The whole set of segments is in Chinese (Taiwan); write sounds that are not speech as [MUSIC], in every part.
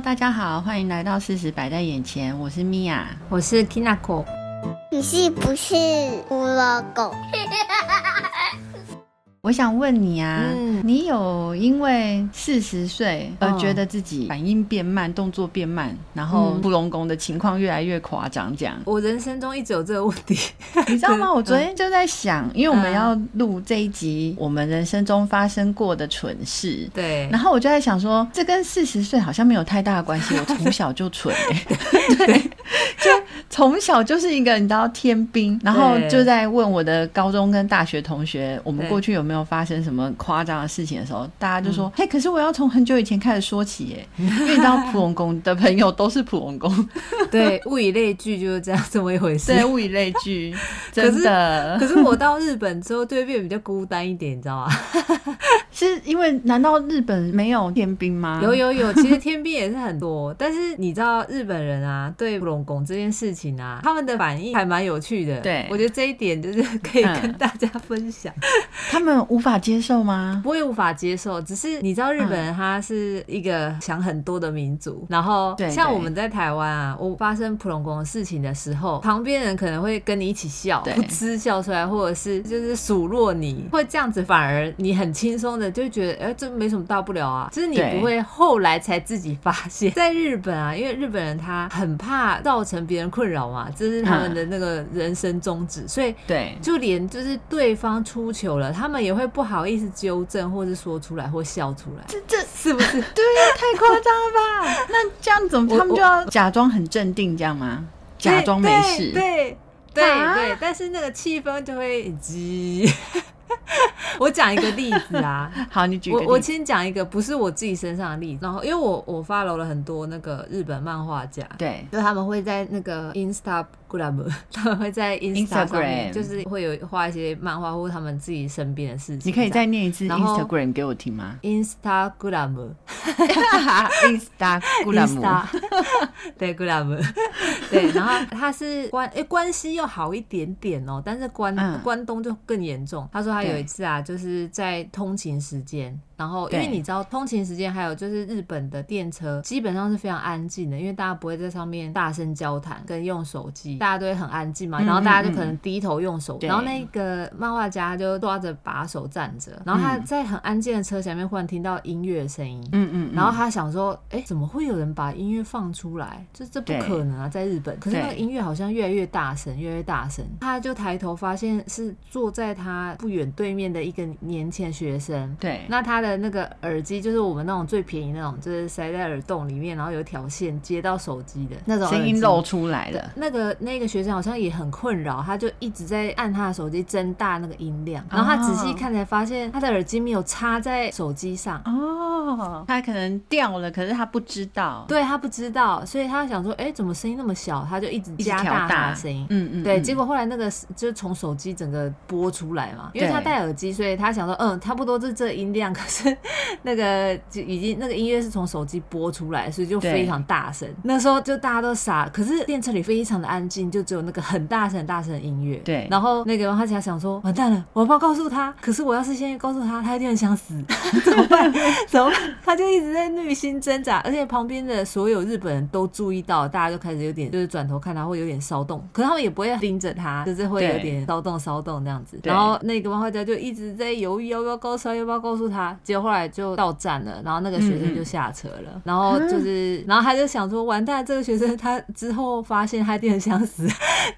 大家好，歡迎來到事實擺在眼前，我是米婭，我是 Tina Co，你是不是胡了狗？ [LAUGHS] 我想問你啊，嗯、你有因為四十歲而覺得自己反應變慢，哦，動作變慢，然後普攏拱的情況越來越誇張，這樣？我人生中一直有這個問題，你知道嗎？嗯、我昨天就在想，因為我們要錄這一集，我們人生中發生過的蠢事，對。然後我就在想說，這跟四十歲好像沒有太大的關係，我從小就蠢，欸。 [LAUGHS] 對，對就從小就是一個你知道天兵，然後就在問我的高中跟大學同學，我們過去有沒有？有發生什麼誇張的事情的時候，大家就說：“嗯、嘿，可是我要從很久以前開始說起，耶。嗯、因為當普攏拱的朋友都是普攏拱，對，物以類聚就是這樣這麼一回事。對，物以類聚，真的。可是可是我到日本之後，對面比較孤單一點，你知道嗎？是因為難道日本沒有天兵嗎？有有有，其實天兵也是很多， [LAUGHS] 但是你知道日本人啊，對普攏拱這件事情啊，他們的反應還蠻有趣的。對，我覺得這一點就是可以、嗯、跟大家分享。他們。無法接受嗎？不會無法接受，只是你知道日本人他是一個想很多的民族，嗯、然後像我們在台灣啊，對對對，我發生普攏拱的事情的時候，旁邊人可能會跟你一起笑，噗嗤對笑出來，或者是就是數落你，會這樣子反而你很輕鬆的就覺得，哎、呃，這沒什麼大不了啊，只、就是你不會後來才自己發現，對在日本啊，因為日本人他很怕造成別人困擾嘛，這是他們的那個人生宗旨，嗯、所以對，就連就是對方出糗了，他們也。也會不好意思糾正，或是說出來，或笑出來。這這是不是？ [LAUGHS] 對呀、啊，太誇張了吧？ [LAUGHS] 那這樣子，他們就要假裝很鎮定，這樣嗎？對假裝沒事。對對、啊、對，對，但是那個氣氛就會急， [LAUGHS] [LAUGHS] 我講一個例子啊， [LAUGHS] 好，你舉我我先講一個不是我自己身上的例子，然後因為我我 follow 了很多那個日本漫畫家，對，就他們會在那個 Instagram，Instagram 他們會在 Instagram，就是會有畫一些漫畫或他們自己身邊的事情。你可以再念一次然後 Instagram 給我聽嗎？Instagram，哈哈 Instagram [LAUGHS] Instagram 對 Instagram 對，然後他是、欸、關誒關係又好一點點哦，但是關、嗯、關東就更嚴重。他說他有一次啊。就是在通勤時間。然後，因為你知道，通勤時間還有就是日本的電車基本上是非常安靜的，因為大家不會在上面大聲交談跟用手機，大家都會很安靜嘛。然後大家就可能低頭用手機。然後那個漫畫家就抓着把手站着，然後他在很安靜的車前面忽然聽到音樂的聲音。嗯嗯。然後他想說，哎，怎麼會有人把音樂放出來？這這不可能啊，在日本。可是那個音樂好像越來越大聲，越來越大聲。他就抬頭發現是坐在他不遠對面的一個年輕學生。對。那他的。的那個耳機就是我們那種最便宜的那種，就是塞在耳洞裡面，然後有一條線接到手機的那種，聲音漏出來的。那個那個學生好像也很困擾，他就一直在按他的手機增大那個音量。然後他仔細看才發現，他的耳機沒有插在手機上哦。哦，他可能掉了，可是他不知道。對，他不知道，所以他想說，哎、欸，怎麼聲音那麼小？他就一直加大聲音大。嗯嗯，嗯。對，結果後來那個就是從手機整個播出來嘛，因為他戴耳機，所以他想說，嗯，差不多是這音量，可是。是 [LAUGHS] 那個就已經那個音樂是從手機播出來，所以就非常大聲。對那時候就大家都傻，可是電車裡非常的安靜，就只有那個很大聲很大聲的音樂。對。然後那個漫畫家想說，完蛋了，我要不要告訴他。可是我要是先告訴他，他一定很想死， [LAUGHS] 怎麼辦？怎麼辦？他就一直在內心掙扎。而且旁邊的所有日本人都注意到，大家都開始有點就是轉頭看他，會有點騷動。可是他們也不會盯着他，就是會有點騷動騷動這樣子。對然後那個漫畫家就一直在猶豫要不要告訴他，要不要告訴他。結果後來就到站了，然後那個學生就下車了，然後就是，然後他就想說完蛋，這個學生他之後發現他一定很想死，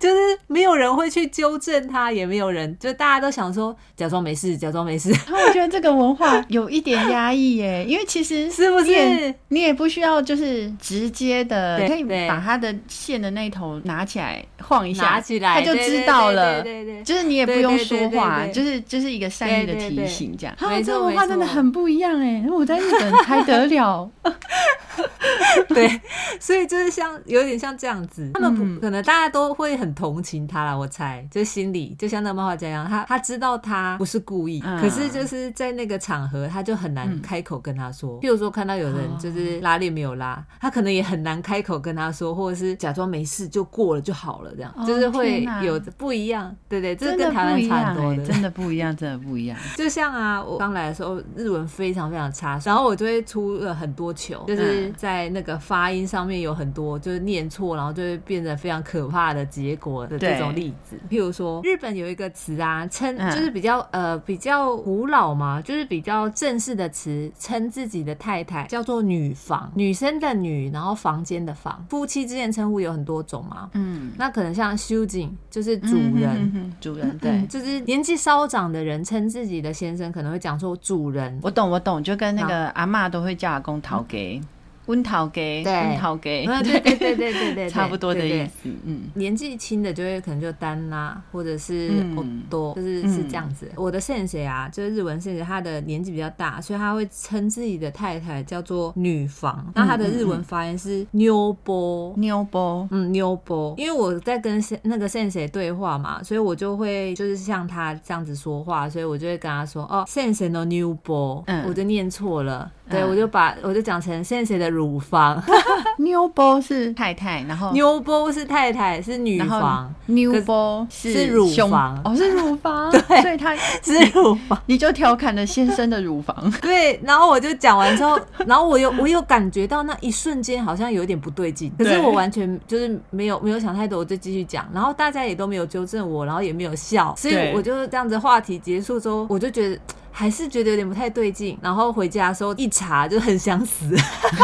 就是沒有人會去糾正他，也沒有人，就大家都想說假裝沒事，假裝沒事。我覺得這個文化有一點壓抑耶，因為其實是不是你也不需要就是直接的，你可以把他的線的那頭拿起來晃一下，拿起來他就知道了，對對，就是你也不用說話，就是就是一個善意的提醒這樣。啊，這個文化真的很。很不一樣哎，欸，我在日本才得了， [LAUGHS] 對，所以就是像有點像這樣子，他們不可能，大家都會很同情他啦，我猜，就心裡就像那個漫畫家一樣，他他知道他不是故意，嗯、可是就是在那個場合，他就很難開口跟他說。嗯、譬如說看到有人就是拉鏈沒有拉，嗯、他可能也很難開口跟他說，或者是假裝沒事就過了就好了，這樣，哦，就是會有不的、的不一樣。對對，這跟台灣差很多，的。真的不一樣，真的不一樣。 [LAUGHS] 就像啊，我剛來的時候主文非常非常差，然後我就會出了、呃、很多糗，就是在那個發音上面有很多就是念錯，然後就會變得非常可怕的結果的這種例子。對譬如說，日本有一個詞啊，稱就是比較呃比較古老嘛，就是比較正式的詞，稱自己的太太叫做女房，女生的女，然後房間的房。夫妻之間稱呼有很多種嘛，嗯，那可能像修瑾就是主人、嗯哼哼哼，主人，對，就是年紀稍長的人稱自己的先生可能會講說主人。我懂，我懂，就跟那個阿嬤都會叫阿公討給。啊嗯溫桃給，溫桃給，對對對對對對， [LAUGHS] 差不多的意思。對對對，嗯，年紀輕的就會可能就單啦、啊，或者是好多，就是是這樣子。嗯、我的先生啊，就是日文先生，他的年紀比較大，所以他會稱自己的太太叫做女房，那他的日文發音是妞波妞波。嗯，妞波。嗯嗯、因為我在跟先生那個先生對話嘛，所以我就會就是像他這樣子說話，所以我就會跟他說哦，先生的妞波我就念錯了，對、嗯、我就把我就講成先生的。乳房，哈哈哈。牛波 [LAUGHS] 是太太，然後牛波是太太，是乳房，牛波是乳房，哦 [LAUGHS] 對是乳房，對，所以他是乳房，你就調侃了先生的乳房， [LAUGHS] 對，然後我就講完之後，然後我又我又感覺到那一瞬間好像有一點不對勁， [LAUGHS] 可是我完全就是沒有沒有想太多，我就繼續講，然後大家也都沒有糾正我，然後也沒有笑，所以我就這樣子話題結束之後，我就覺得。還是覺得有點不太對勁，然後回家的時候一查就很想死。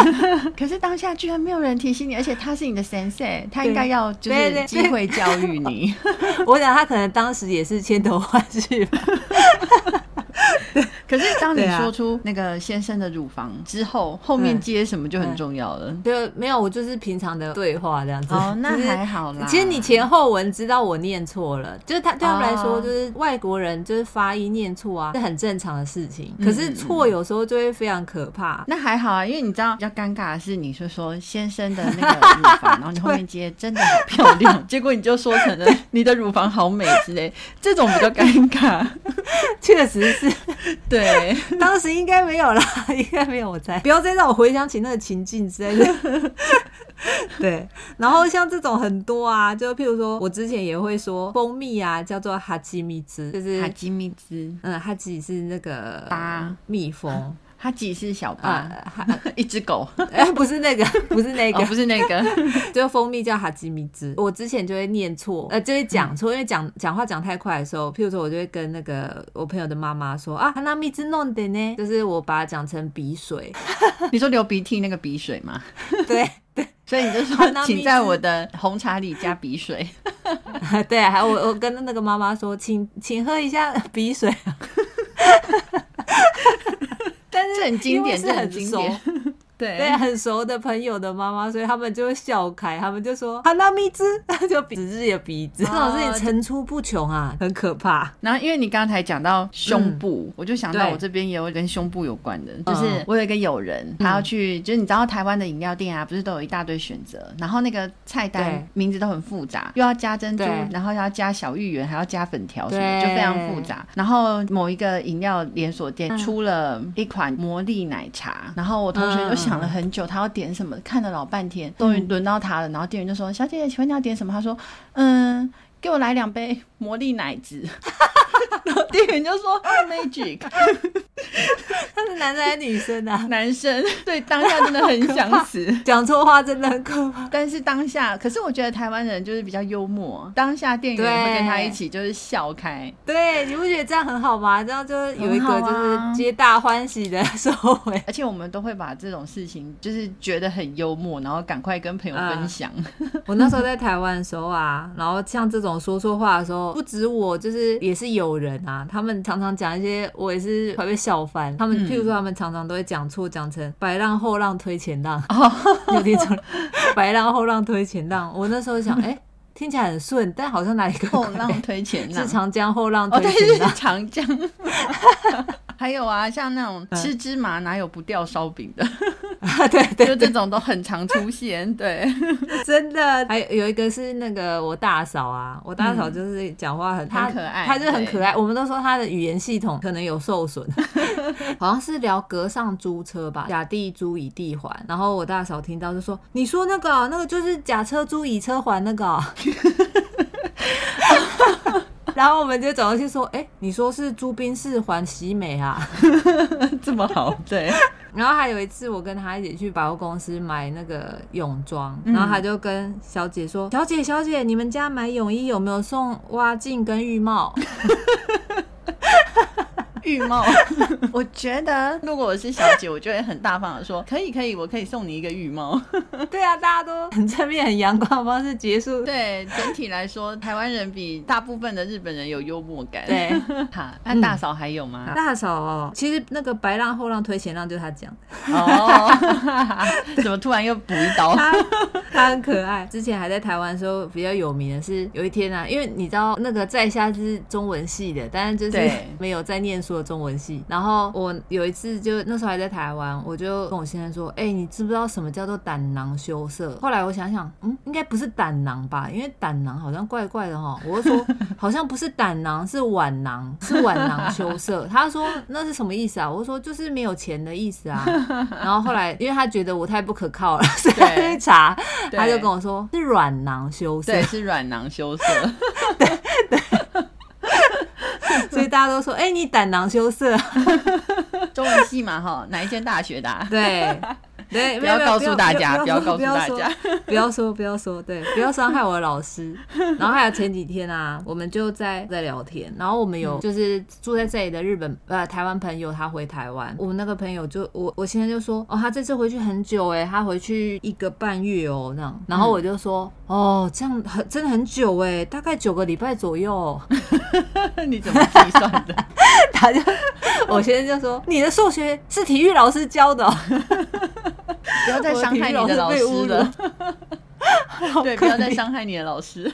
[LAUGHS] 可是當下居然沒有人提醒你，而且他是你的 sensei，他應該要就是機會教育你。對對對對對 [LAUGHS] 我想他可能當時也是千頭萬緒吧。 [LAUGHS] [LAUGHS] 可是當你說出那個先生的乳房之後，後面接什麼就很重要了。對，沒有，我就是平常的對話這樣子。哦，那還好啦。其實你前後文知道我念錯了，就是他對他們來說，就是外國人就是發音念錯啊，是很正常的事情。可是錯有時候就會非常可怕。那還好啊，因為你知道，比較尷尬的是你說說先生的那個乳房，然後你後面接真的很漂亮，結果你就說成了你的乳房好美之類，這種比較尷尬。確實是。對， [LAUGHS] 當時應該沒有啦，應該沒有，我猜。 [LAUGHS] 不要再讓我回想起那個情境之類的。 [LAUGHS] [LAUGHS] 對，然後像這種很多啊，就譬如說，我之前也會說蜂蜜啊，叫做哈吉蜜汁，就是哈吉蜜汁。嗯，哈吉是那個、啊、蜜蜂。啊他幾是小巴，啊、 [LAUGHS] 一隻狗、啊，不是那個，不是那個， [LAUGHS] 哦、不是那個。 [LAUGHS] 就後蜂蜜叫哈吉米茲，我之前就會念錯，呃，就會講錯，嗯、因為講講話講太快的時候，譬如說我就會跟那個我朋友的媽媽說啊，哈那米茲弄點呢，就是我把它講成鼻水。 [LAUGHS] 你說流鼻涕那個鼻水嗎？對對，所以你就說， [LAUGHS] 請在我的紅茶裡加鼻水。 [LAUGHS] [LAUGHS] 對、啊，還有我我跟那個媽媽說，請請喝一下鼻水。 [LAUGHS] [LAUGHS] 這很經典，這很經典。對，對，很熟的朋友的媽媽，所以他們就會笑開，他們就說哈娜咪子那就鼻子有鼻子，這種事情層出不窮啊，很可怕。然後因為你剛才講到胸部，嗯、我就想到我這邊也有跟胸部有關的，就是我有一個友人，嗯、他要去，就是你知道台灣的飲料店啊，不是都有一大堆選擇，然後那個菜單名字都很複雜，又要加珍珠，對然後要加小芋圓，還要加粉條，什麼對就非常複雜。然後某一個飲料連鎖店出了一款魔力奶茶，然後我同學就、嗯。搶了很久，他要點什麼，看了老半天，終於輪到他了。然後店員就說：“嗯、小姐姐，請問你要點什麼？”他說：“嗯，給我來兩杯魔力奶子。 [LAUGHS] ”店員 [LAUGHS] 就說 uh,：“magic、uh,。” [LAUGHS] 他是男生還是女生啊？男生。對，當下真的很想死，講錯、啊、話真的很可怕。 [LAUGHS] 但是當下，可是我覺得台灣人就是比較幽默。當下店員對會跟他一起就是笑開。對，你不覺得這樣很好嗎？這樣就有一個就是皆大歡喜的時候、啊。而且我們都會把這種事情就是覺得很幽默，然後趕快跟朋友分享。Uh, 我那時候在台灣的時候啊， [LAUGHS] 然後像這種說錯話的時候，不止我，就是也是有。有人啊，他們常常講一些，我也是會被笑翻。他們、嗯、譬如說，他們常常都會講錯，講成“白浪後浪推前浪”，有點錯，“白、欸、浪後浪推前浪”。我那時候想，哎，聽起來很順，但好像哪裡怪怪，後浪推前浪是長江後浪推前浪，哦、是長江。 [LAUGHS] [LAUGHS] 還有啊，像那種吃芝麻哪有不掉燒餅的。對對， [LAUGHS] 就這種都很常出現，對， [LAUGHS] 真的。還有一個是那個我大嫂啊，我大嫂就是講話很她、嗯、可愛她，她就很可愛。對我們都說她的語言系統可能有受損， [LAUGHS] 好像是聊隔上租車吧，甲地租乙地還。然後我大嫂聽到就說：“你說那個、啊、那個就是甲車租乙車還那個、啊。” [LAUGHS] [LAUGHS] 然後我們就走過去說：“哎，你說是朱斌是還喜美啊？ [LAUGHS] 這麼好對。”然後還有一次，我跟他一起去百貨公司買那個泳裝，嗯、然後他就跟小姐說：“小姐，小姐，你們家買泳衣有沒有送蛙鏡跟浴帽？” [LAUGHS] [LAUGHS] 浴帽， [LAUGHS] 我覺得如果我是小姐，我就會很大方的說可以可以，我可以送你一個浴帽。 [LAUGHS] 對啊，大家都很正面、很陽光的方式結束。對，整體來說， [LAUGHS] 台灣人比大部分的日本人有幽默感。對，好，那大嫂還有嗎？嗯、大嫂，哦，其實那個“白浪後浪推前浪”就是他講。哦，怎麼突然又補一刀對 [LAUGHS] 他？他很可愛。之前還在台灣的時候比較有名的是有一天啊，因為你知道那個在下是中文系的，但是就是沒有在念書。中文系，然後我有一次就那時候還在台灣，我就跟我先生說：“哎、欸，你知不知道什麼叫做膽囊羞澀？”後來我想想，嗯，應該不是膽囊吧，因為膽囊好像怪怪的齁。我就說：“好像不是膽囊，是碗囊，是碗囊羞澀。” [LAUGHS] 他說：“那是什麼意思啊？”我就說：“就是沒有錢的意思啊。”然後後來，因為他覺得我太不可靠了，所以查， [LAUGHS] 他就跟我說：“是軟囊羞澀， [LAUGHS] 對，是軟囊羞澀。”對對。大家都說，哎，你膽囊羞澀、啊， [LAUGHS] 中文系嘛，哈，哪一間大學的、啊？ [LAUGHS] 對。對不，不要告訴大家，不要告訴大家，不要說，不要說，對，不要傷害我的老師。 [LAUGHS] 然後還有前幾天啊，我們就在在聊天，然後我們有就是住在這裡的日本呃台灣朋友，他回台灣，我們那個朋友就我我先生就說哦，他這次回去很久哎、欸，他回去一個半月哦這樣，然後我就說、嗯、哦，這樣很真的很久哎、欸，大概九個禮拜左右。 [LAUGHS] 你怎麼計算的？ [LAUGHS] 他就，我先生就說你的數學是體育老師教的、哦。 [LAUGHS] 不要再傷害你的老師了，老師了對，不要再傷害你的老師，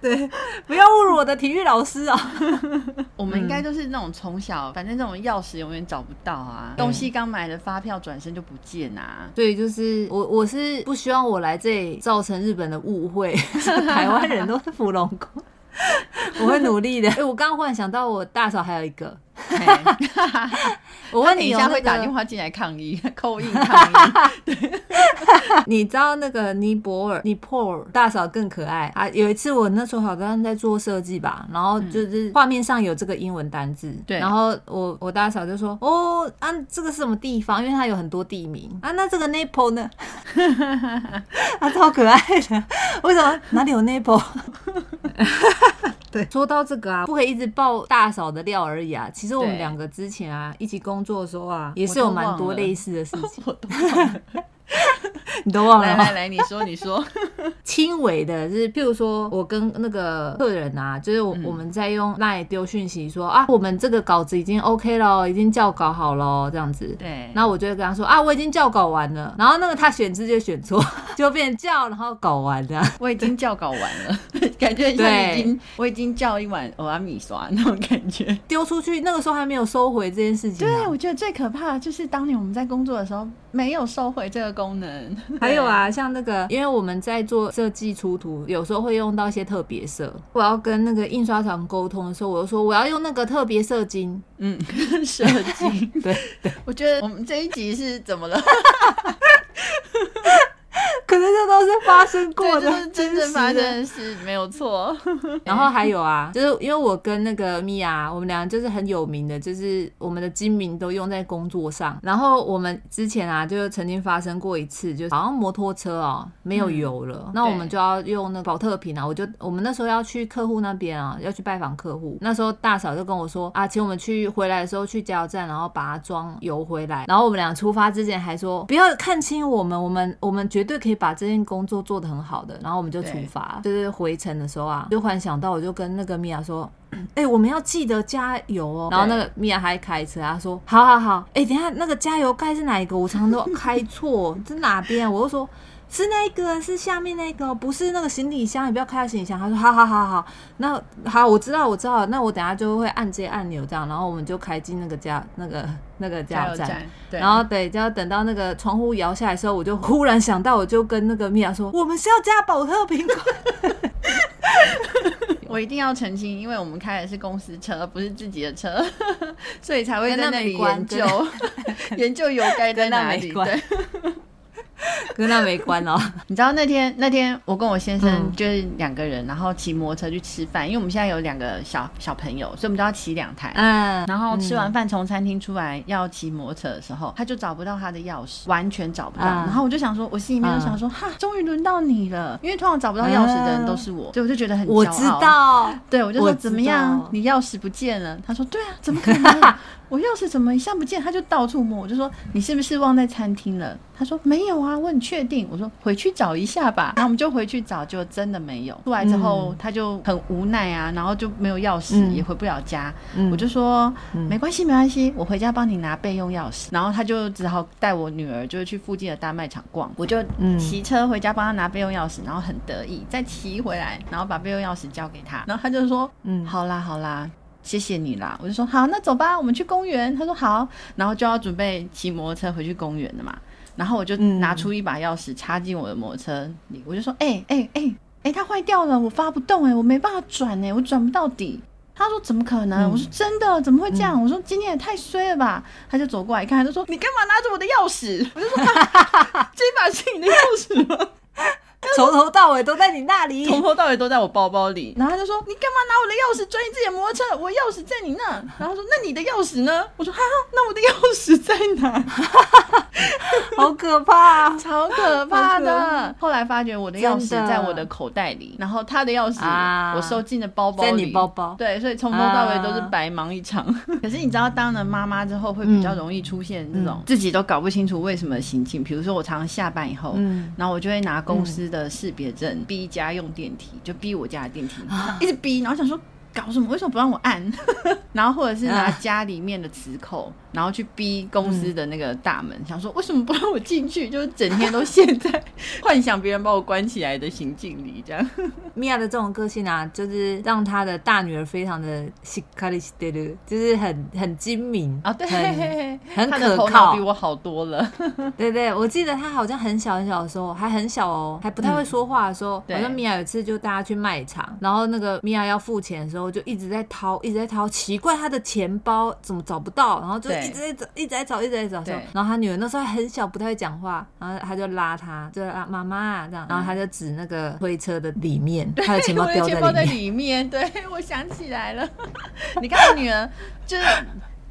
對，不要侮辱我的體育老師啊！ [LAUGHS] 我們應該都是那種從小，反正那種鑰匙永遠找不到啊，嗯、東西剛買的發票轉身就不見啊。所以就是我，我是不希望我來這裡造成日本的誤會， [LAUGHS] 台灣人都是普攏拱， [LAUGHS] 我會努力的。哎、欸，我剛忽然想到，我大嫂還有一個。 [LAUGHS] [LAUGHS] 我問你一下，會打電話進來抗議，扣印 [LAUGHS] 抗議。 [LAUGHS] [LAUGHS] 你知道那個尼泊爾，尼泊爾大嫂更可愛啊！有一次我那時候好像在做設計吧，然後就是畫面上有這個英文單字，嗯、然後我我大嫂就說：“對哦啊，這個是什麼地方？因為它有很多地名啊，那這個 Nepal 呢？ [LAUGHS] [LAUGHS] 啊，超可愛的， [LAUGHS] 為什麼哪裡有 Nepal？” [LAUGHS] 對，說到這個啊，不可以一直爆大嫂的料而已啊。其實我們兩個之前啊，對一起工作的時候啊，也是有蠻多類似的事情。都都 [LAUGHS] 你都忘了嗎？來來來，你說你說。輕 [LAUGHS] 微的就是，譬如說，我跟那個客人啊，就是我們在用 line 丟訊息說、嗯、啊，我們這個稿子已經 OK 了，已經校稿好了這樣子。對。然後我就會跟他說啊，我已經校稿完了。然後那個他選字就選錯。就變叫，然後搞完了，我已經叫搞完了，對 [LAUGHS] 感覺像已經對我已經叫一碗蚵仔米刷那種感覺，丟出去。那個時候還沒有收回這件事情。對，我覺得最可怕的就是當年我們在工作的時候沒有收回這個功能。對還有啊，像那個，因為我們在做設計出圖，有時候會用到一些特別色。我要跟那個印刷廠溝通的時候，我就說我要用那個特別色金。嗯，色金。對對。對我覺得我們這一集是怎麼了？ [LAUGHS] [LAUGHS] 可能這都是發生過的，真的，就是、真正發生的事，沒有錯。 [LAUGHS] 然後還有啊，就是因為我跟那個 Mia，我們倆就是很有名的，就是我們的精明都用在工作上。然後我們之前啊，就曾經發生過一次，就好像摩托車哦，沒有油了，嗯、那我們就要用那個保特瓶啊。我就我們那時候要去客戶那邊啊，要去拜訪客戶。那時候大嫂就跟我說啊，請我們去回來的時候去加油站，然後把它裝油回來。然後我們倆出發之前還說，不要看輕我們，我們我們絕對可以。把這件工作做得很好的，然後我們就出發，對就是回程的時候啊，就忽然想到，我就跟那個米婭說：“哎、欸，我們要記得加油哦。對”然後那個米婭還開車、啊，她說：“好好好，哎、欸，等一下那個加油蓋是哪一個？我常常都開錯，在 [LAUGHS] 哪邊、啊？”我就說。是那一個，是下面那個，不是那個行李箱，你不要開行李箱。他說：好好好好，那好，我知道，我知道，那我等下就會按這些按鈕，這樣，然後我們就開進那個加那個那個加油站，站，對，然後，對，就要等到那個窗戶搖下來的時候，我就忽然想到，我就跟那個 Mia 說：我們是要加寶特瓶罐。我一定要澄清，因為我們開的是公司車，不是自己的車， [LAUGHS] 所以才會在那裡研究關 [LAUGHS] 研究油該在哪裡。跟那沒關哦。 [LAUGHS] 你知道那天那天我跟我先生就是兩個人，然後騎摩托車去吃飯，因為我們現在有兩個小小朋友，所以我們都要騎兩台。嗯，然後吃完飯從餐廳出來要騎摩托車的時候，他就找不到他的鑰匙，完全找不到。嗯、然後我就想說，我心裡面就想說，嗯、哈，終於輪到你了，因為通常找不到鑰匙的人都是我，對、嗯、我就覺得很我知道，對我就說我怎麼樣，你鑰匙不見了？他說對啊，怎麼可能、啊？ [LAUGHS] 我鑰匙怎麼一下不見？他就到處摸，我就說你是不是忘在餐廳了？他說沒有啊，我很確定。我說回去找一下吧。然後我們就回去找，就真的沒有。出來之後，嗯，他就很無奈啊，然後就沒有鑰匙，嗯，也回不了家。嗯，我就說，嗯，沒關係，沒關係，我回家幫你拿備用鑰匙。然後他就只好帶我女兒，就是去附近的大賣場逛。我就騎車回家幫他拿備用鑰匙，然後很得意，再騎回來，然後把備用鑰匙交給他，然後他就說嗯，好啦，好啦。謝謝你啦，我就說好，那走吧，我們去公園。他說好，然後就要準備騎摩托車回去公園了嘛。然後我就拿出一把鑰匙插進我的摩托車裡，我就說哎哎哎哎，它壞掉了，我發不動哎、欸，我沒辦法轉哎、欸，我轉不到底。他說怎麼可能？我說真的，怎麼會這樣？我說今天也太衰了吧。他就走過來看，他就說你幹嘛拿着我的鑰匙？ [LAUGHS] 我就說這把是你的鑰匙嗎？ [LAUGHS] [LAUGHS] 從頭到尾都在你那裡，從頭到尾都在我包包裡。然後他就說：“你幹嘛拿我的鑰匙轉自己的摩托車？我鑰匙在你那。”然後他說：“那你的鑰匙呢？”我說：“哈，那我的鑰匙在哪？”好可怕，超可怕的。怕後來發覺我的鑰匙在我的口袋裡，的然後他的鑰匙我收進了包包裡、啊、在你包包。對，所以從頭到尾都是白忙一場。啊、 [LAUGHS] 可是你知道，當了媽媽之後會比較容易出現這種、嗯嗯、自己都搞不清楚為什麼的行徑。比如說，我常常下班以後，嗯、然後我就會拿公司的。嗯的識別證逼家用電梯，就逼我家的電梯，一直逼，然後想說，搞什麼？為什麼不讓我按？ [LAUGHS] 然後或者是拿家裡面的磁扣，啊、然後去逼公司的那個大門，嗯、想說為什麼不讓我進去？就是整天都陷在 [LAUGHS] 幻想別人把我關起來的行徑裡。這樣，米婭的這種個性啊，就是讓她的大女兒非常的卡利斯特就是很很精明啊、哦，對很，很可靠，她的頭腦比我好多了。 [LAUGHS] 對對，我記得她好像很小很小的時候，還很小哦，還不太會說話的時候，嗯、好像米婭有次就帶她去賣場，對然後那個米婭要付錢的時候。我就一直在掏，一直在掏，奇怪他的錢包怎麼找不到，然後就一直在找，對一直在找，一直在找。對然後他女兒那時候還很小，不太會講話，然後他就拉她，就拉媽媽啊媽媽這樣，然後他就指那個推車的裡面，對他的錢包在裡面。我的錢包在裡面。對，我想起來了。 [LAUGHS] 你看，女兒就是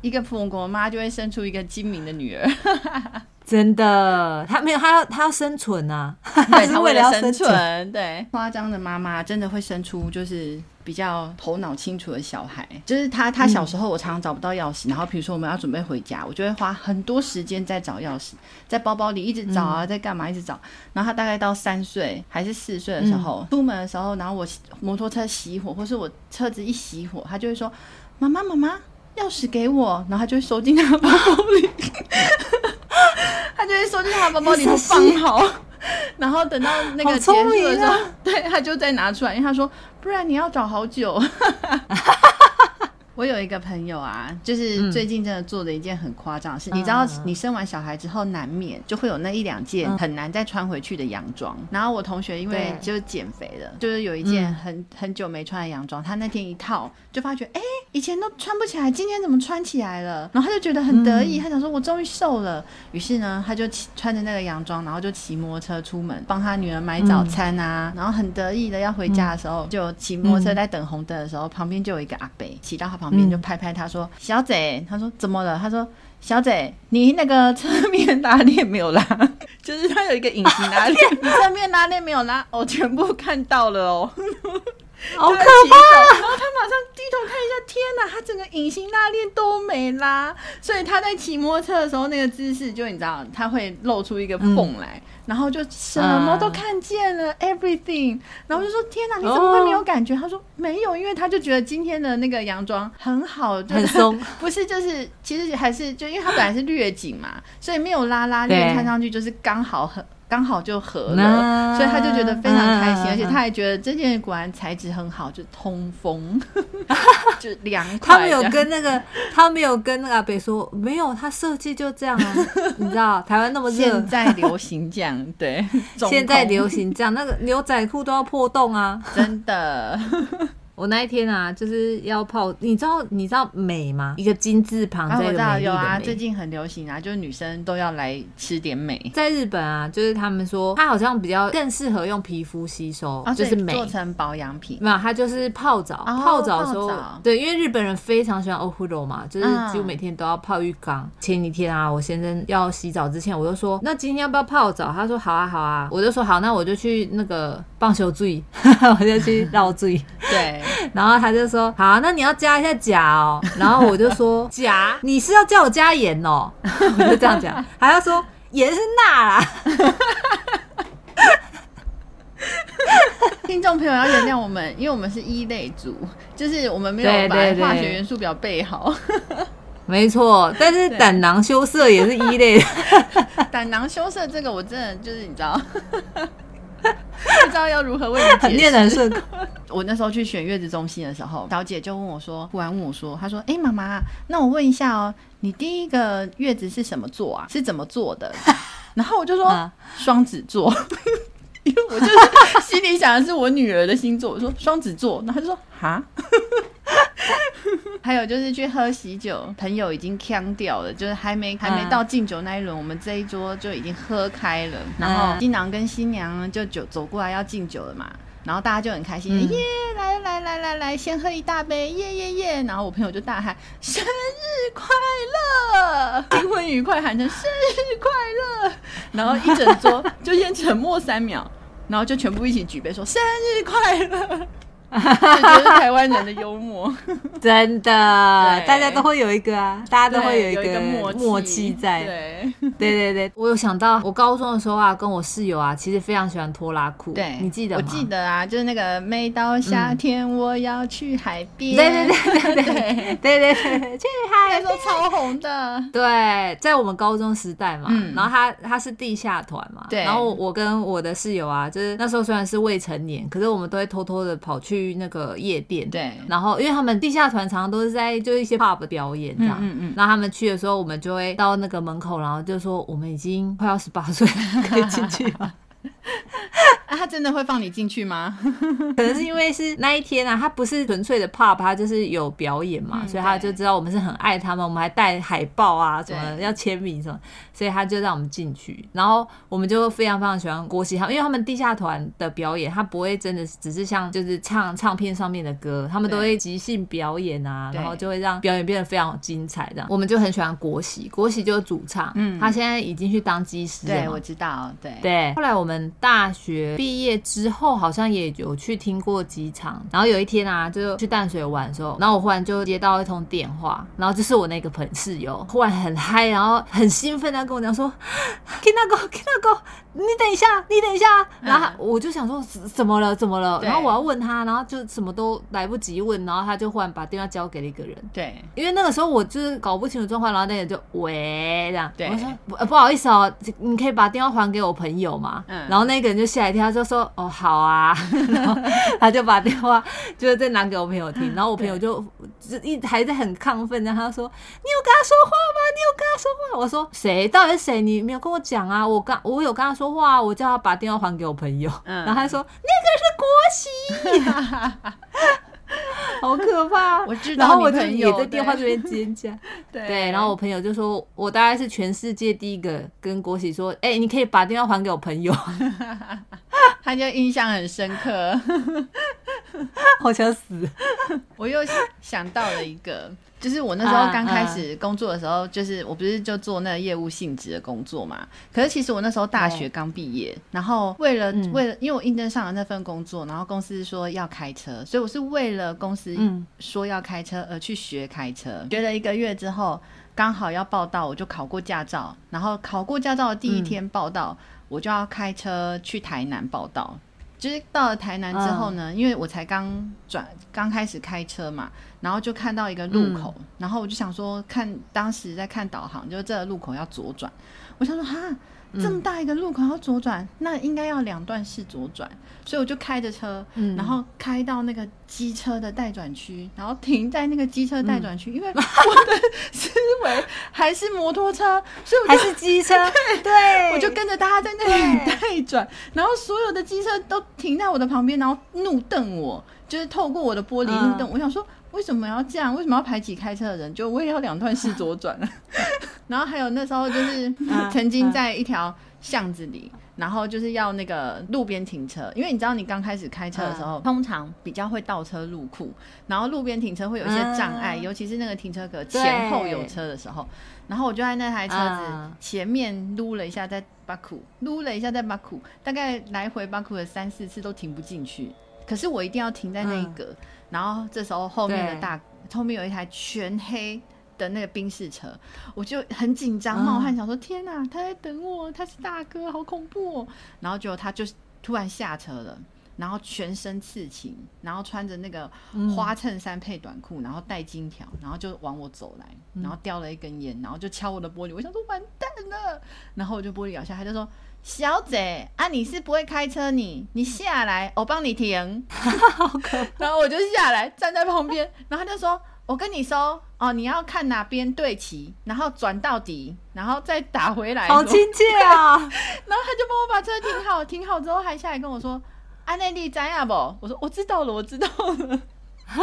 一個普攏拱媽就會生出一個精明的女兒， [LAUGHS] 真的，他沒有，他要他要生存啊，也是為了要生存，對，誇張對的媽媽真的會生出就是。比較頭腦清楚的小孩，就是他。他小時候我常常找不到鑰匙，嗯、然後比如說我們要準備回家，我就會花很多時間在找鑰匙，在包包裡一直找啊，嗯、在幹嘛一直找。然後他大概到三歲還是四歲的時候，嗯、出門的時候，然後我摩托車熄火，或是我車子一熄火，他就會說：“媽媽，媽媽，鑰匙給我。”然後他就會收進他的包包裡， [LAUGHS] [LAUGHS] 他就會收進他的包包裡，裡，他放好。 [LAUGHS] 然後等到那個結束的時候，啊、對，他就再拿出來，因為他說不然你要找好久。 [LAUGHS] 我有一個朋友啊，就是最近真的做的一件很誇張的事。嗯、是你知道，你生完小孩之後，難免就會有那一兩件很難再穿回去的洋裝。嗯、然後我同學因為就是減肥了，對就是有一件很、嗯、很久沒穿的洋裝。他那天一套就發覺，哎、欸，以前都穿不起來，今天怎麼穿起來了？然後他就覺得很得意，嗯、他想說：“我終於瘦了。”於是呢，他就騎穿着那個洋裝，然後就騎摩托車出門，幫他女兒買早餐啊。嗯、然後很得意的要回家的時候，嗯、就騎摩托車在等紅燈的時候，嗯、旁邊就有一個阿伯騎到他旁。旁面就拍拍他說、嗯、小姐，他說怎麼了？他說小姐，你那個側面拉鏈沒有拉？ [LAUGHS] 就是他有一個隱形拉鏈，你側 [LAUGHS] 面拉鏈沒有拉， [LAUGHS] 我全部看到了哦。 [LAUGHS] 好、oh, 可怕！然後他馬上低頭看一下，天哪，他整個隱形拉鏈都沒拉，所以他在騎摩托車的時候，那個姿勢就你知道，他會露出一個縫來，嗯、然後就什麼都看見了、嗯、，everything。然後就說：“呃、天哪，你怎麼會沒有感覺？”哦、他說：“沒有，因為他就覺得今天的那個洋裝很好，就很鬆，不是，就是其實還是就因為他本來是略緊嘛，所以沒有拉拉鏈，看上去就是剛好很。”剛好就合了，那所以他就覺得非常開心，那而且他還覺得這件果然材質很好，就通風， [LAUGHS] 就涼涼快。他沒有跟那個樣他沒有跟那個阿北說，沒有，他設計就這樣啊， [LAUGHS] 你知道台灣那麼熱，現在流行這樣， [LAUGHS] 對，現在流行這樣，那個牛仔褲都要破洞啊， [LAUGHS] 真的。我那一天啊，就是要泡，你知道，你知道美嗎？一個金字旁，啊、這個我知道有啊，最近很流行啊，就是女生都要來吃點美。在日本啊，就是他們說它好像比較更適合用皮膚吸收，啊、就是美。做成保養品。沒有、啊，它就是泡澡，哦、泡澡的時候，澡對，因為日本人非常喜歡お風呂嘛，就是幾乎每天都要泡浴缸。嗯、前幾天啊，我先生要洗澡之前，我就說那今天要不要泡澡？他說好啊，好啊，我就說好，那我就去那個棒球注意， [LAUGHS] 我就去繞注意。 [LAUGHS] 對。然後他就說：“好，那你要加一下鉀哦。”然後我就說：“鉀， [LAUGHS] 你是要叫我加鹽哦？” [LAUGHS] 我就這樣講，還要說鹽是鈉啦。 [LAUGHS] 聽眾朋友要原諒我們， [LAUGHS] 因為我們是一、e、類組，就是我們沒有把對對對化學元素表背好。 [LAUGHS] 沒錯，但是膽囊羞澀也是一、e、類 [LAUGHS] [LAUGHS] 膽囊羞澀這個，我真的就是你知道。 [LAUGHS] 要如何為你？很虐男生。 [LAUGHS] 我那時候去選月子中心的時候，小姐就問我說：“忽然問我說，她說：‘哎、欸，媽媽，那我問一下哦，你第一個月子是什麼座啊？是怎麼做的？’ [LAUGHS] 然後我就說：‘雙、嗯、子座。 [LAUGHS] ’因為我就是心裡想的是我女兒的星座，我說雙子座，然後她就說：‘哈蛤？’ [LAUGHS] [LAUGHS] 還有就是去喝喜酒，朋友已經嗆掉了，就是還沒還沒到敬酒那一輪，嗯、我們這一桌就已經喝開了。嗯、然後新郎跟新娘就走走過來要敬酒了嘛，然後大家就很開心，嗯、耶！來來來來來，先喝一大杯，耶耶耶！然後我朋友就大喊：“生日快樂，新婚愉快！”喊成“生日快樂”，然後一整桌就先沉默三秒，然後就全部一起舉杯說：“生日快樂。”哈哈哈，就是台灣人的幽默，真的，大家都會有一個啊，大家都會有一個默契在。對對對，我有想到，我高中的時候啊，跟我室友啊，其實非常喜歡拖拉庫。對，你記得嗎？我記得啊，就是那個每到夏天我要去海邊。對對對對對對對對，對對對對超紅的。對，在我們高中時代嘛，然後他他是地下團嘛，然後我跟我的室友啊，就是那時候雖然是未成年，可是我們都會偷偷的跑去。去那個夜店，對，然後因為他們地下團常常都是在就一些 pub 表演這樣，嗯嗯嗯然後他們去的時候，我們就會到那個門口，然後就說我們已經快要十八歲了， [LAUGHS] 可以進去嗎？ [LAUGHS] [LAUGHS] 啊，他真的會放你進去嗎？ [LAUGHS] 可能是因為是那一天啊，他不是純粹的 PUB，他就是有表演嘛，嗯、所以他就知道我們是很愛他們，我們還帶海報啊什麼對要簽名什麼，所以他就讓我們進去。然後我們就非常非常喜歡國璽，他們因為他們地下團的表演，他不會真的只是像就是唱唱片上面的歌，他們都會即興表演啊，對然後就會讓表演變得非常精彩。這樣。對我們就很喜歡國璽，國璽就是主唱，嗯，他現在已經去當機師了。對，我知道，對對。後來我們大學。畢業之後好像也有去聽過幾場，然後有一天啊，就去淡水玩的時候，然後我忽然就接到一通電話，然後就是我那個粉室友，忽然很嗨，然後很興奮，他跟我講說，聽他講，聽你等一下，你等一下，嗯、然後我就想說怎麼了，怎麼了，對然後我要問他，然後就什麼都來不及問，然後他就忽然把電話交給了一個人。對，因為那個時候我就是搞不清楚狀況，然後那個人就喂這樣，對。我說不、呃、不好意思哦、喔，你可以把電話還給我朋友嗎？嗯，然後那個人就嚇一跳，他就說哦好啊， [LAUGHS] 然後他就把電話就是再拿給我朋友聽，然後我朋友就，對就一直還在很亢奮，然後他說，你有跟他說話嗎？我說誰？到底是誰？你沒有跟我講啊！我剛我有跟他說話、啊，我叫他把電話還給我朋友。嗯、然後他說那個是國旗， [LAUGHS] 好可怕、啊！我知道我朋友。然後我就也在電話這邊尖叫。對，對然後我朋友就說，我大概是全世界第一個跟國旗說：“哎、欸，你可以把電話還給我朋友。 [LAUGHS] ”他就印象很深刻。好想死！ [LAUGHS] 我又想到了一個。就是我那時候剛開始工作的時候，就是我不是就做那個業務性質的工作嘛？可是其實我那時候大學剛畢業，然後為了為了，因為我應徵上了那份工作，然後公司說要開車，所以我是為了公司說要開車而去學開車。學了一個月之後，剛好要報到，我就考過駕照。然後考過駕照的第一天報到，我就要開車去台南報到。就是到了台南之後呢，嗯、因為我才剛轉，剛開始開車嘛，然後就看到一個路口，嗯、然後我就想說看，看當時在看導航，就是這個路口要左轉，我想說哈？這麼大一個路口要左轉，那應該要兩段式左轉，所以我就開着車，嗯、然後開到那個機車的待轉區，然後停在那個機車待轉區，嗯、因為我的思維還是摩托車，車所以還是機車，對，對我就跟着大家在那裡待轉，對然後所有的機車都停在我的旁邊，然後怒瞪我，就是透過我的玻璃怒瞪。嗯、我想說，為什麼要這樣？為什麼要排擠開車的人？就我也要兩段式左轉。嗯 [LAUGHS] 然後還有那時候就是曾經在一條巷子裡，嗯嗯、然後就是要那個路邊停車，因為你知道你剛開始開車的時候，嗯、通常比較會倒車入庫，然後路邊停車會有一些障礙，嗯、尤其是那個停車格前後有車的時候。對然後我就在那台車子前面擼了一下在巴，再巴庫擼了一下，再巴庫，大概來回巴庫了三四次都停不進去。可是我一定要停在那一格，嗯、然後這時候後面的大對後面有一台全黑。的那個賓士車，我就很緊張冒汗，想說天吶、啊，他在等我，他是大哥，好恐怖哦！然後就他就突然下車了，然後全身刺青，然後穿着那個花襯衫配短褲，然後戴金條，然後就往我走來，然後叼了一根煙，然後就敲我的玻璃，我想說完蛋了，然後我就玻璃咬下，他就說小姐啊，你是不會開車你，你你下來，我幫你停。 [LAUGHS] 好可怕 [LAUGHS] 然後我就下來站在旁邊，然後他就說。我跟你說，哦，你要看哪邊對齊，然後轉到底，然後再打回來。好親切啊！ [LAUGHS] 然後他就幫我把車停好，停好之後還下來跟我說：“按呢你知影無？”我說：“我知道了，我知道了。” [LAUGHS]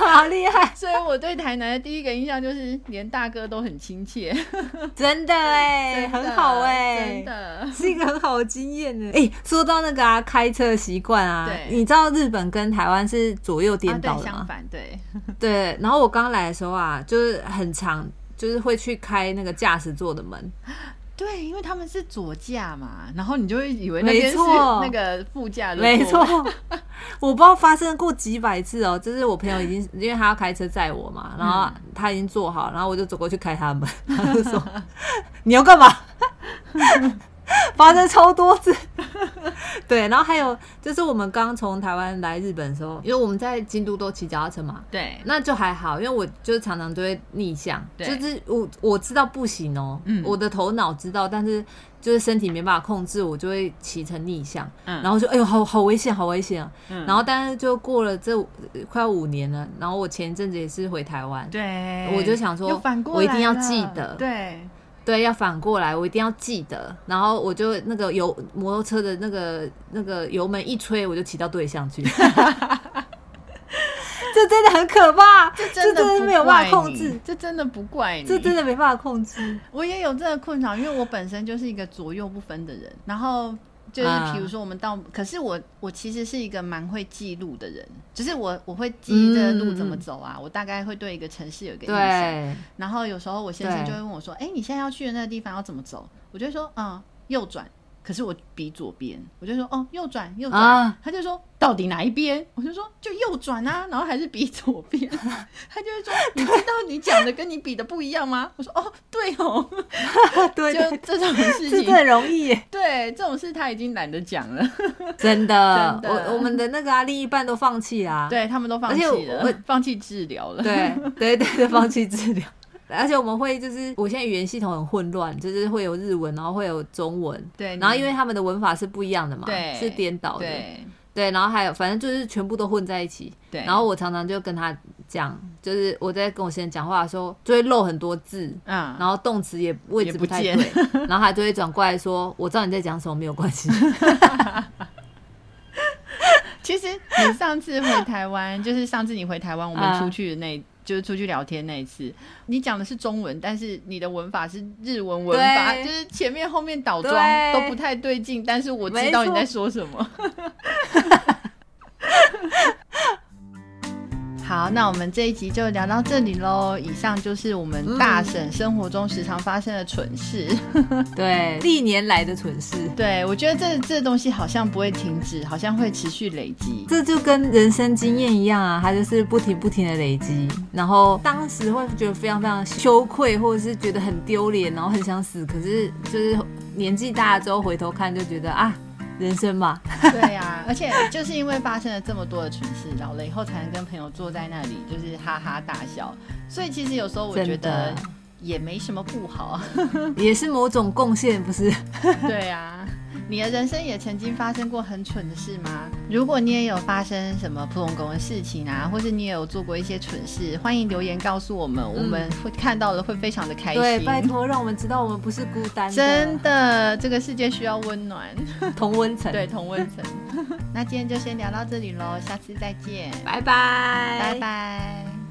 但好厲害！所以我對台南的第一個印象就是，連大哥都很親切 [LAUGHS] 真、欸，真的哎，很好哎、欸，真的是一個很好的經驗哎、欸 [LAUGHS] 欸。說到那個、啊、開車習慣啊，對你知道日本跟台灣是左右顛倒的嗎？啊、對、相反對， [LAUGHS] 對。然後我剛來的時候啊，就是很常就是會去開那個駕駛座的門。對，因為他們是左駕嘛，然後你就會以為那邊是那個副駕。沒錯錯， [LAUGHS] 我不知道發生過幾百次哦，就是我朋友已經，嗯、因為他要開車載我嘛，然後他已經坐好，然後我就走過去開他門，他就說：“ [LAUGHS] 你要幹嘛？” [LAUGHS] [LAUGHS] [LAUGHS] 發生超多次， [LAUGHS] 對，然後還有就是我們剛從台灣來日本的時候，因為我們在京都都騎腳踏車嘛，對，那就還好，因為我就常常都會逆向，對就是我我知道不行哦、喔，嗯，我的頭腦知道，但是就是身體沒辦法控制，我就會騎成逆向，嗯，然後就哎呦，好好危險，好危險啊，嗯，然後但是就過了這快五年了，然後我前一陣子也是回台灣，對，我就想說，我一定要記得，對。對，要反過來，我一定要記得，然後我就那個油摩托車的那個那個油門一吹，我就騎到對向去， [LAUGHS] [LAUGHS] 這真的很可怕，這真的沒有辦法控制，這真的不怪你，這真的沒辦法控制。我也有這個困擾，因為我本身就是一個左右不分的人，然後。就是比如說，我們到、啊、可是我我其實是一個蠻會記路的人，就是我我會記這個路怎麼走啊，嗯、我大概會對一個城市有一個印象。對然後有時候我先生就會問我說：“哎對、欸，你現在要去的那個地方要怎麼走？”我就會說：“嗯，右轉。”可是我比左邊，我就說哦，右轉右轉，啊、他就說，到底哪一邊？我就說就右轉啊，然後還是比左邊， [LAUGHS] 他就會說，你知道你講的跟你比的不一樣嗎？對 我說哦，對哦， [LAUGHS] 對，對，對，就這種事情真的很容易。對，這種事他已經懶得講了，真的。 [LAUGHS] 真的我我們的那個啊另一半都放棄了，啊，對他們都放棄了，放棄治療了，對對對，放棄治療。 [LAUGHS] 而且我們會就是，我現在語言系統很混亂，就是會有日文，然後會有中文，對你，然後因為他們的文法是不一樣的嘛，對，是顛倒的，對，對，然後還有，反正就是全部都混在一起，對。然後我常常就跟他講，就是我在跟我先生講話的時候，就會漏很多字，嗯，然後動詞也位置不太對，不見了。然後他就會轉過來說：“我知道你在講什麼，沒有關係。” [LAUGHS] 其實你上次回台灣，就是上次你回台灣，我們出去的那、啊。就是出去聊天那一次，你講的是中文，但是你的文法是日文文法，對就是前面後面倒裝對都不太對勁，但是我知道你在說什麼。沒錯 [LAUGHS] [LAUGHS] 好，那我們這一集就聊到這裡嘍。以上就是我們大嬸生活中時常發生的蠢事， [LAUGHS] 對，歷年來的蠢事。對，我覺得這這東西好像不會停止，好像會持續累積。這就跟人生經驗一樣啊，它就是不停不停的累積。然後當時會覺得非常非常羞愧，或者是覺得很丟臉，然後很想死。可是就是年紀大了之後回頭看，就覺得啊。人生嘛，對、啊，對呀，而且就是因為發生了這麼多的蠢事，老了以後才能跟朋友坐在那裡，就是哈哈大笑。所以其實有時候我覺得也沒什麼不好，真的 [LAUGHS] 也是某種貢獻，不是？對呀、啊。你的人生也曾經發生過很蠢的事嗎？如果你也有發生什麼普攏拱的事情啊，或是你也有做過一些蠢事，歡迎留言告訴我們，我們會看到了會非常的開心。嗯、對，拜託讓我們知道我們不是孤單。真的，這個世界需要溫暖，同溫層。 [LAUGHS] 對，同溫層。 [LAUGHS] 那今天就先聊到這裡嘍，下次再見，拜拜 bye，拜拜。